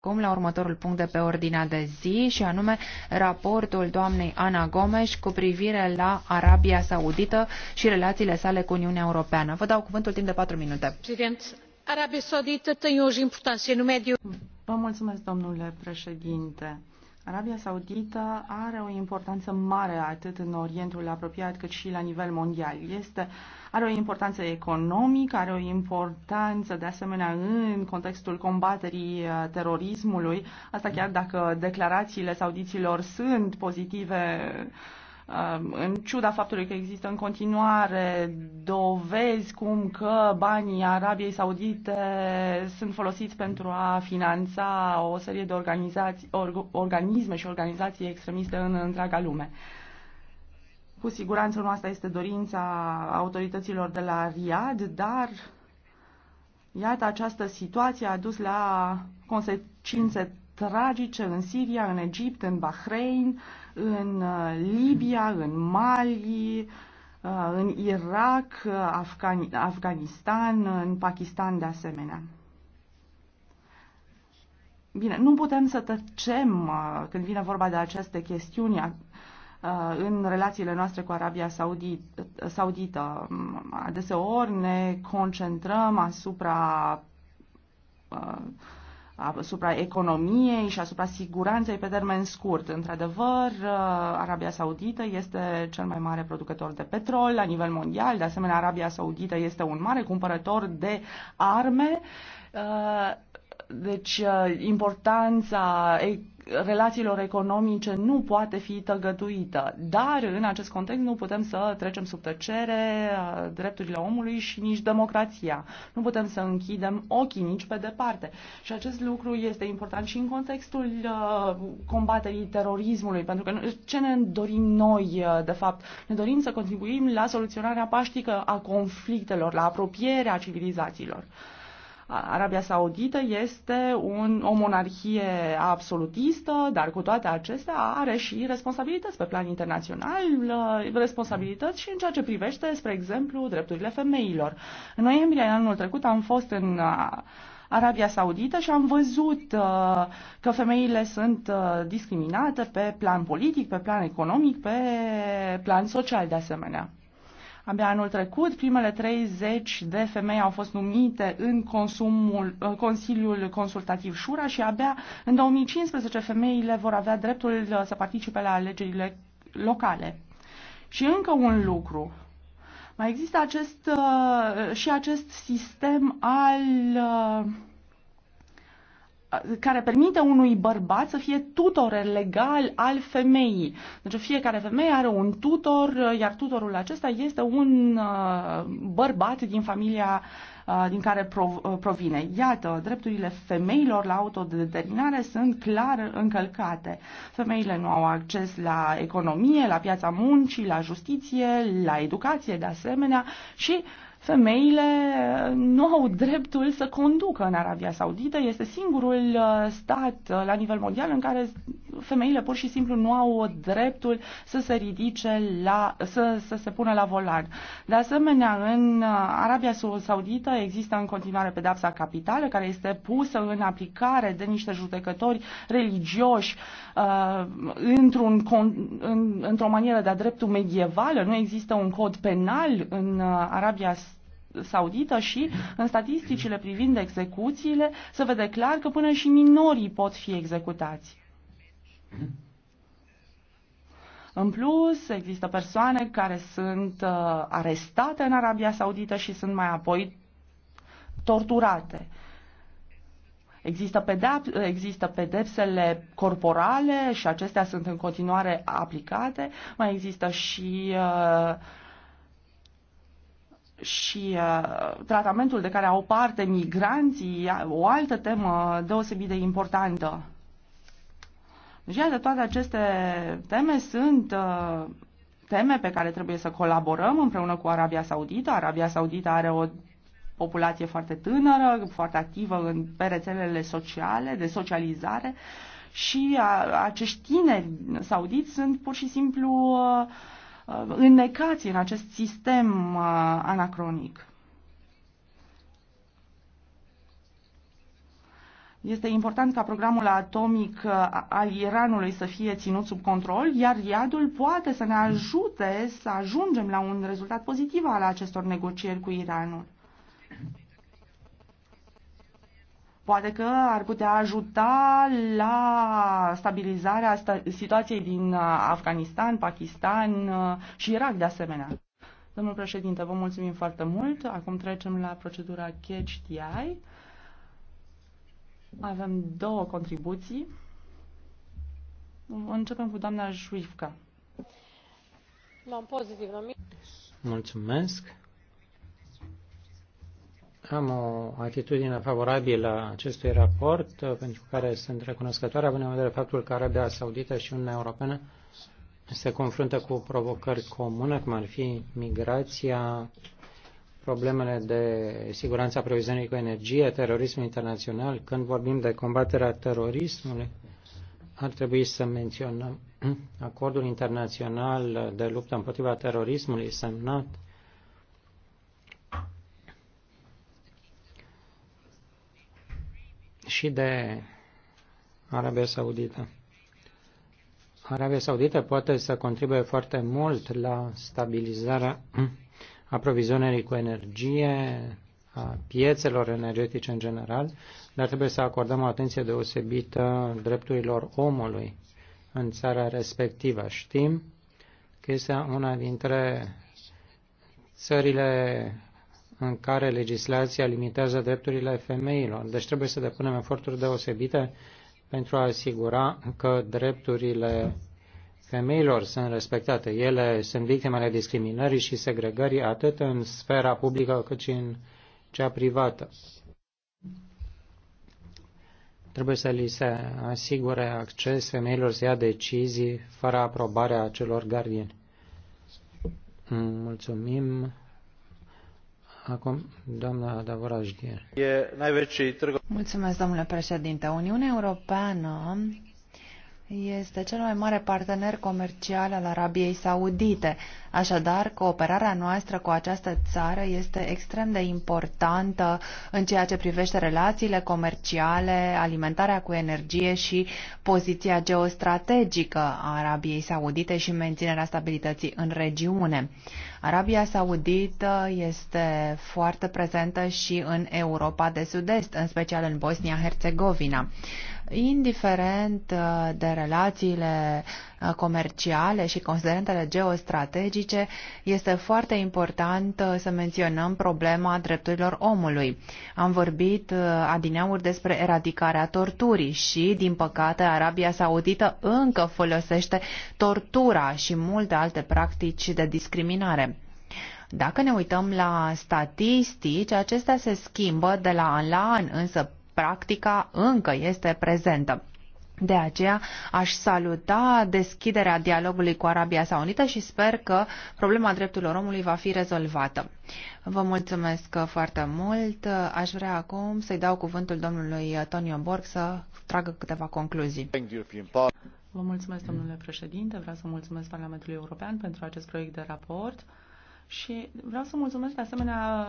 acum la următorul punct de pe ordinea de zi și anume raportul doamnei Ana Gomes cu privire la Arabia Saudită și relațiile sale cu Uniunea Europeană. Vă dau cuvântul timp de patru minute. Președinte, Arabia Saudită hoje importanță în médio. Vă mulțumesc, domnule președinte. Arabia Saudită are o importanță mare atât în Orientul apropiat cât și la nivel mondial. Este uh, are o importanță economică, are o importanță de asemenea în contextul combaterii uh, terorismului, asta chiar dacă declarațiile saudiților sunt pozitive uh, în ciuda faptului că există în continuare dovezi cum că banii Arabiei Saudite sunt folosiți pentru a finanța o serie de organizații, or, organisme și organizații extremiste în întreaga lume. Cu siguranță nu asta este dorința autorităților de la Riad, dar iată această situație a dus la consecințe tragice în Siria, în Egipt, în Bahrain, în uh, Libia, în Mali, uh, în Irak, uh, Afgan- Afganistan, în Pakistan de asemenea. Bine, nu putem să tăcem când vine vorba de aceste chestiuni. Uh, în relațiile noastre cu Arabia uh, Saudită. Mm, adeseori ne concentrăm asupra uh, asupra economiei și asupra siguranței pe termen scurt. Într-adevăr, Arabia Saudită este cel mai mare producător de petrol la nivel mondial, de asemenea Arabia Saudită este un mare cumpărător de arme. Deci, importanța relațiilor economice nu poate fi tăgăduită. Dar în acest context nu putem să trecem sub tăcere drepturile omului și nici democrația. Nu putem să închidem ochii nici pe departe. Și acest lucru este important și în contextul combaterii terorismului, pentru că ce ne dorim noi, de fapt? Ne dorim să contribuim la soluționarea paștică a conflictelor, la apropierea civilizațiilor. Arabia Saudită este un, o monarhie absolutistă, dar cu toate acestea are și responsabilități pe plan internațional, uh, responsabilități și în ceea ce privește, spre exemplu, drepturile femeilor. În noiembrie anul trecut am fost în uh, Arabia Saudită și am văzut uh, că femeile sunt discriminate pe plan politic, pe plan economic, pe plan social de asemenea. Abia anul trecut, primele 30 de femei au fost numite în consumul, uh, Consiliul Consultativ Șura și abia în 2015 femeile vor avea dreptul uh, să participe la alegerile locale. Și încă un lucru. Mai există acest, uh, și acest sistem al care permite unui bărbat să fie tutor legal al femeii. Deci fiecare femeie are un tutor, iar tutorul acesta este un uh, bărbat din familia uh, din care uh, provine. Iată, drepturile femeilor la autodeterminare sunt clar încălcate. Femeile nu au acces la economie, la piața muncii, la justiție, la educație de asemenea și uh, femeile uh, nu au dreptul să conducă în Arabia Saudită. Este singurul uh, stat uh, la nivel mondial în care femeile pur și simplu nu au dreptul să se ridice la, să, să se pună la volan. De asemenea, în Arabia Saudită există în continuare pedapsa capitală care este pusă în aplicare de niște judecători religioși într-un, într-o manieră de-a dreptul medievală. Nu există un cod penal în Arabia Saudită Saudită și în statisticile privind execuțiile se vede clar că până și minorii pot fi executați. În plus, există persoane care sunt uh, arestate în Arabia Saudită și sunt mai apoi torturate. Există, pedep- există pedepsele corporale și acestea sunt în continuare aplicate. Mai există și uh, și uh, tratamentul de care au parte migranții, o altă temă deosebit de importantă. Deci, de toate aceste teme sunt uh, teme pe care trebuie să colaborăm împreună cu Arabia Saudită. Arabia Saudită are o populație foarte tânără, foarte activă în, pe rețelele sociale, de socializare și a, uh, acești tineri saudiți sunt pur și simplu uh, Uh, înnecați în acest sistem uh, anacronic. Este important ca programul atomic uh, al Iranului să fie ținut sub control, iar iadul poate să ne ajute să ajungem la un rezultat pozitiv al acestor negocieri cu Iranul. Poate că ar putea ajuta la stabilizarea sta- situației din uh, Afganistan, Pakistan uh, și Irak de asemenea. Domnul președinte, vă mulțumim foarte mult. Acum trecem la procedura Catch TI. Avem două contribuții. Începem cu doamna Juivca. Mulțumesc. Am o atitudine favorabilă acestui raport, uh, pentru care sunt recunoscătoare, având în vedere faptul că Arabia Saudită și Uniunea Europeană se confruntă cu provocări comune, cum ar fi migrația, problemele de siguranță aprovizionării cu energie, terorismul internațional. Când vorbim de combaterea terorismului, ar trebui să menționăm acordul internațional de luptă împotriva terorismului semnat și de Arabia Saudită. Arabia Saudită poate să contribuie foarte mult la stabilizarea aprovizionării cu energie, a piețelor energetice în general, dar trebuie să acordăm o atenție deosebită drepturilor omului în țara respectivă. Știm că este una dintre țările în care legislația limitează drepturile femeilor. Deci trebuie să depunem eforturi deosebite pentru a asigura că drepturile femeilor sunt respectate. Ele sunt victime ale discriminării și segregării atât în sfera publică cât și în cea privată. Trebuie să li se asigure acces femeilor să ia decizii fără aprobarea celor gardieni. Mulțumim. Acum, doamna Davoraj. Mulțumesc, domnule președinte. Uniunea Europeană este cel mai mare partener comercial al Arabiei Saudite. Așadar, cooperarea noastră cu această țară este extrem de importantă în ceea ce privește relațiile comerciale, alimentarea cu energie și poziția geostrategică a Arabiei Saudite și menținerea stabilității în regiune. Arabia Saudită este foarte prezentă și în Europa de Sud-Est, în special în Bosnia-Herzegovina indiferent uh, de relațiile uh, comerciale și considerentele geostrategice, este foarte important uh, să menționăm problema drepturilor omului. Am vorbit adineauri despre eradicarea torturii și, din păcate, Arabia Saudită încă folosește tortura și multe alte practici de discriminare. Dacă ne uităm la statistici, acestea se schimbă de la an la an, însă practica încă este prezentă. De aceea aș saluta deschiderea dialogului cu Arabia Saudită și sper că problema drepturilor omului va fi rezolvată. Vă mulțumesc foarte mult. Aș vrea acum să-i dau cuvântul domnului Tonio Borg să tragă câteva concluzii. Vă mulțumesc, domnule președinte. Vreau să mulțumesc Parlamentului European pentru acest proiect de raport și vreau să mulțumesc de asemenea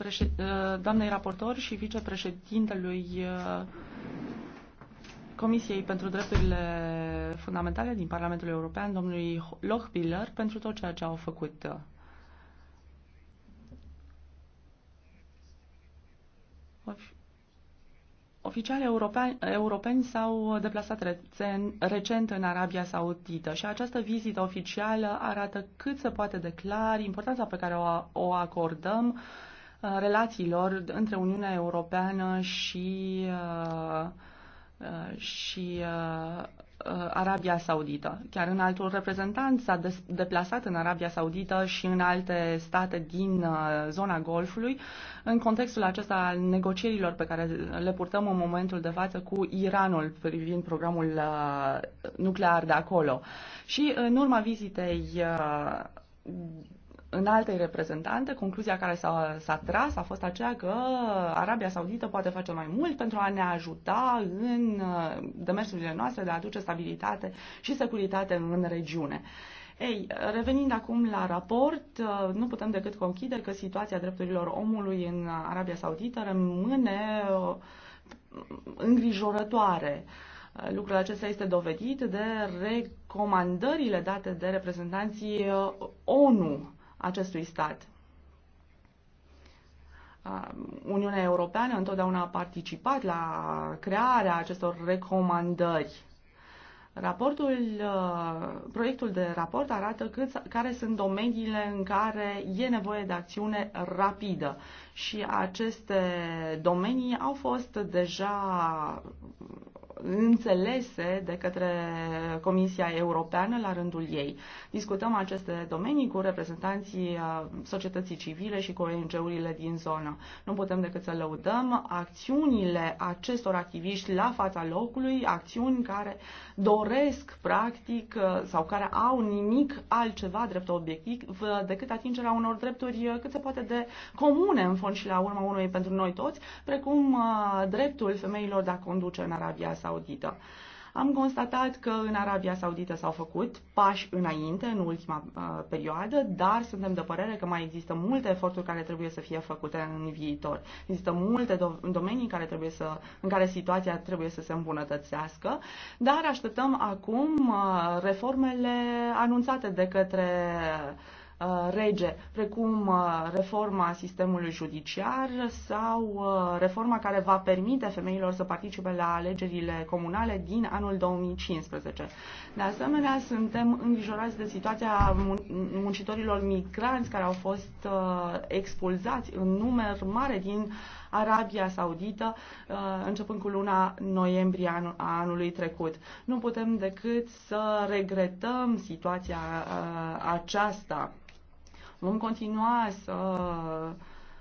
Uh, doamnei raportor și vicepreședintelui uh, Comisiei pentru Drepturile Fundamentale din Parlamentul European, domnului Lochbiller, pentru tot ceea ce au făcut. Oficiali europeni, europeni s-au deplasat recent în Arabia Saudită și această vizită oficială arată cât se poate de clar importanța pe care o, o acordăm uh, Uh, relațiilor între Uniunea Europeană și, uh, uh, și Arabia Saudită. Chiar în altul reprezentant s-a deplasat în Arabia Saudită și în alte state din zona Golfului în contextul acesta al negocierilor pe care le purtăm în momentul de față cu Iranul privind programul nuclear de acolo. Și în urma vizitei în altei reprezentante, concluzia care s-a, s-a tras a fost aceea că Arabia Saudită poate face mai mult pentru a ne ajuta în uh, demersurile noastre de a aduce stabilitate și securitate în regiune. Ei, revenind acum la raport, uh, nu putem decât conchide că situația drepturilor omului în Arabia Saudită rămâne uh, îngrijorătoare. Lucrul acesta este dovedit de recomandările date de reprezentanții ONU acestui stat. Uh, Uniunea Europeană întotdeauna a participat la crearea acestor recomandări. Raportul, uh, proiectul de raport arată cât, care sunt domeniile în care e nevoie de acțiune rapidă și aceste domenii au fost deja înțelese de către Comisia Europeană la rândul ei. Discutăm aceste domenii cu reprezentanții uh, societății civile și cu ONG-urile din zonă. Nu putem decât să lăudăm acțiunile acestor activiști la fața locului, acțiuni care doresc practic uh, sau care au nimic altceva drept obiectiv uh, decât atingerea unor drepturi cât se poate de comune în fond și la urma unui pentru noi toți, precum dreptul femeilor de a conduce în Arabia Saudită. Saudită. Am constatat că în Arabia Saudită s-au făcut pași înainte în ultima uh, perioadă, dar suntem de părere că mai există multe eforturi care trebuie să fie făcute în viitor. Există multe do- domenii care trebuie să, în care situația trebuie să se îmbunătățească, dar așteptăm acum uh, reformele anunțate de către uh, Uh, rege, precum uh, reforma sistemului judiciar sau uh, reforma care va permite femeilor să participe la alegerile comunale din anul 2015. De asemenea, suntem îngrijorați de situația muncitorilor migranți care au fost expulzați în număr mare din Arabia Saudită, uh, începând cu luna noiembrie a anului trecut. Nu putem decât să regretăm situația uh, aceasta. Vom continua să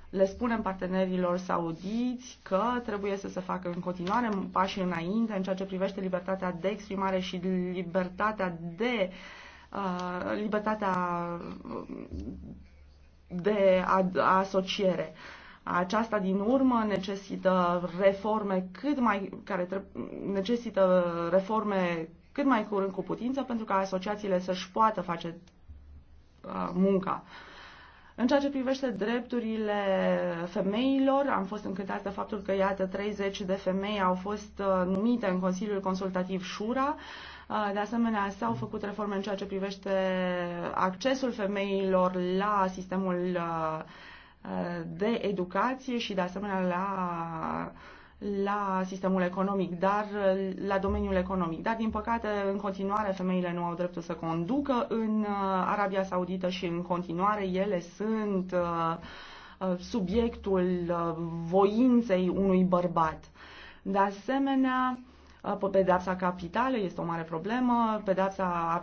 le spunem partenerilor saudiți că trebuie să se facă în continuare pași înainte în ceea ce privește libertatea de exprimare și libertatea de uh, libertatea uh, de asociere. Aceasta, din urmă, necesită reforme cât mai, care necesită reforme cât mai curând cu putință pentru ca asociațiile să-și poată face uh, munca. În ceea ce privește drepturile femeilor, am fost încântată faptul că, iată, 30 de femei au fost uh, numite în Consiliul Consultativ Șura. Uh, de asemenea, s-au făcut reforme în ceea ce privește accesul femeilor la sistemul uh, de educație și de asemenea la la sistemul economic, dar la domeniul economic. Dar, din păcate, în continuare, femeile nu au dreptul să conducă în uh, Arabia Saudită și, în continuare, ele sunt uh, uh, subiectul voinței unui bărbat. De asemenea, Ă, pedeapsa capitală este o mare problemă. Pedeapsa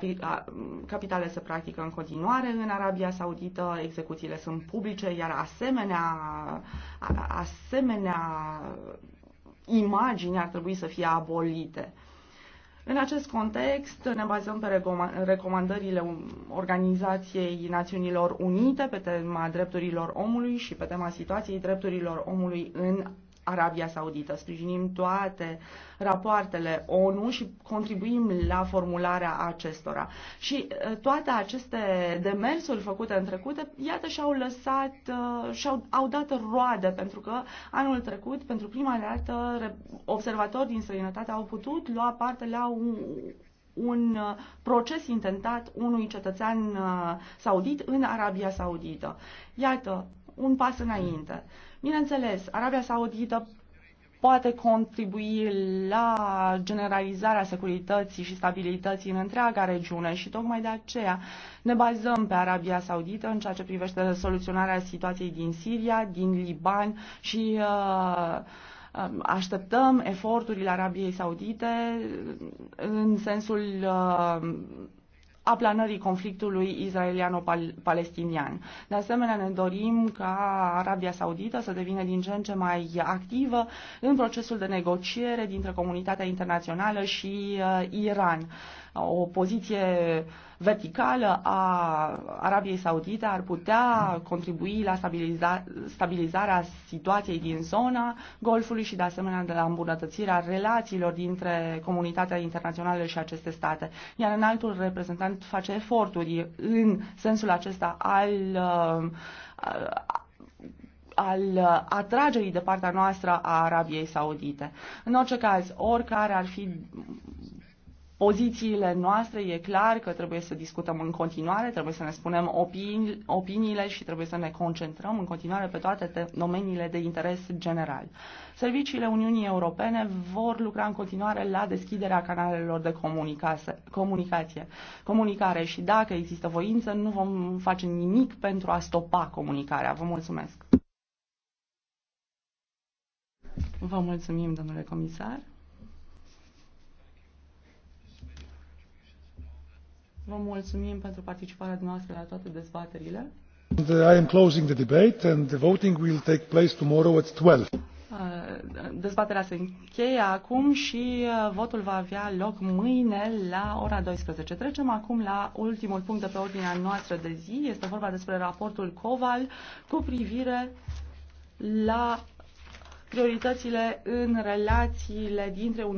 capitală se practică în continuare în Arabia Saudită, execuțiile sunt publice, iar asemenea, asemenea imagini ar trebui să fie abolite. În acest context, ne bazăm pe recomandările Organizației Națiunilor Unite pe tema drepturilor omului și pe tema situației drepturilor omului în Arabia Saudită. Sprijinim toate rapoartele ONU și contribuim la formularea acestora. Și uh, toate aceste demersuri făcute în trecut, iată, și-au lăsat, uh, și-au au dat roade, pentru că anul trecut, pentru prima dată, observatori din străinătate au putut lua parte la un, un uh, proces intentat unui cetățean saudit în Arabia Saudită. Iată, un pas înainte. Bineînțeles, Arabia Saudită poate contribui la generalizarea securității și stabilității în întreaga regiune și tocmai de aceea ne bazăm pe Arabia Saudită în ceea ce privește soluționarea situației din Siria, din Liban și uh, uh așteptăm eforturile Arabiei Saudite în sensul uh, aplanării conflictului izraeliano-palestinian. De asemenea, ne dorim ca Arabia Saudită să devină din ce în ce mai activă în procesul de negociere dintre comunitatea internațională și uh, Iran. O poziție verticală a Arabiei Saudite ar putea contribui la stabiliza- stabilizarea situației din zona Golfului și de asemenea de la îmbunătățirea relațiilor dintre comunitatea internațională și aceste state. Iar în altul reprezentant pot face eforturi în sensul acesta al, al uh, al atragerii de partea noastră a Arabiei Saudite. În orice caz, oricare ar fi pozițiile noastre, e clar că trebuie să discutăm în continuare, trebuie să ne spunem opini, opiniile și trebuie să ne concentrăm în continuare pe toate domeniile de interes general. Serviciile Uniunii Europene vor lucra în continuare la deschiderea canalelor de comunicație, comunicare și dacă există voință, nu vom face nimic pentru a stopa comunicarea. Vă mulțumesc! Vă mulțumim, domnule comisar! Vă mulțumim pentru participarea dumneavoastră la toate dezbaterile. And, uh, I am closing the debate and the voting will take place tomorrow at 12. Uh, Dezbaterea se încheie acum și uh, votul va avea loc mâine la ora 12. Trecem acum la ultimul punct de pe ordinea noastră de zi. Este vorba despre raportul COVAL cu privire la prioritățile în relațiile dintre Uniunea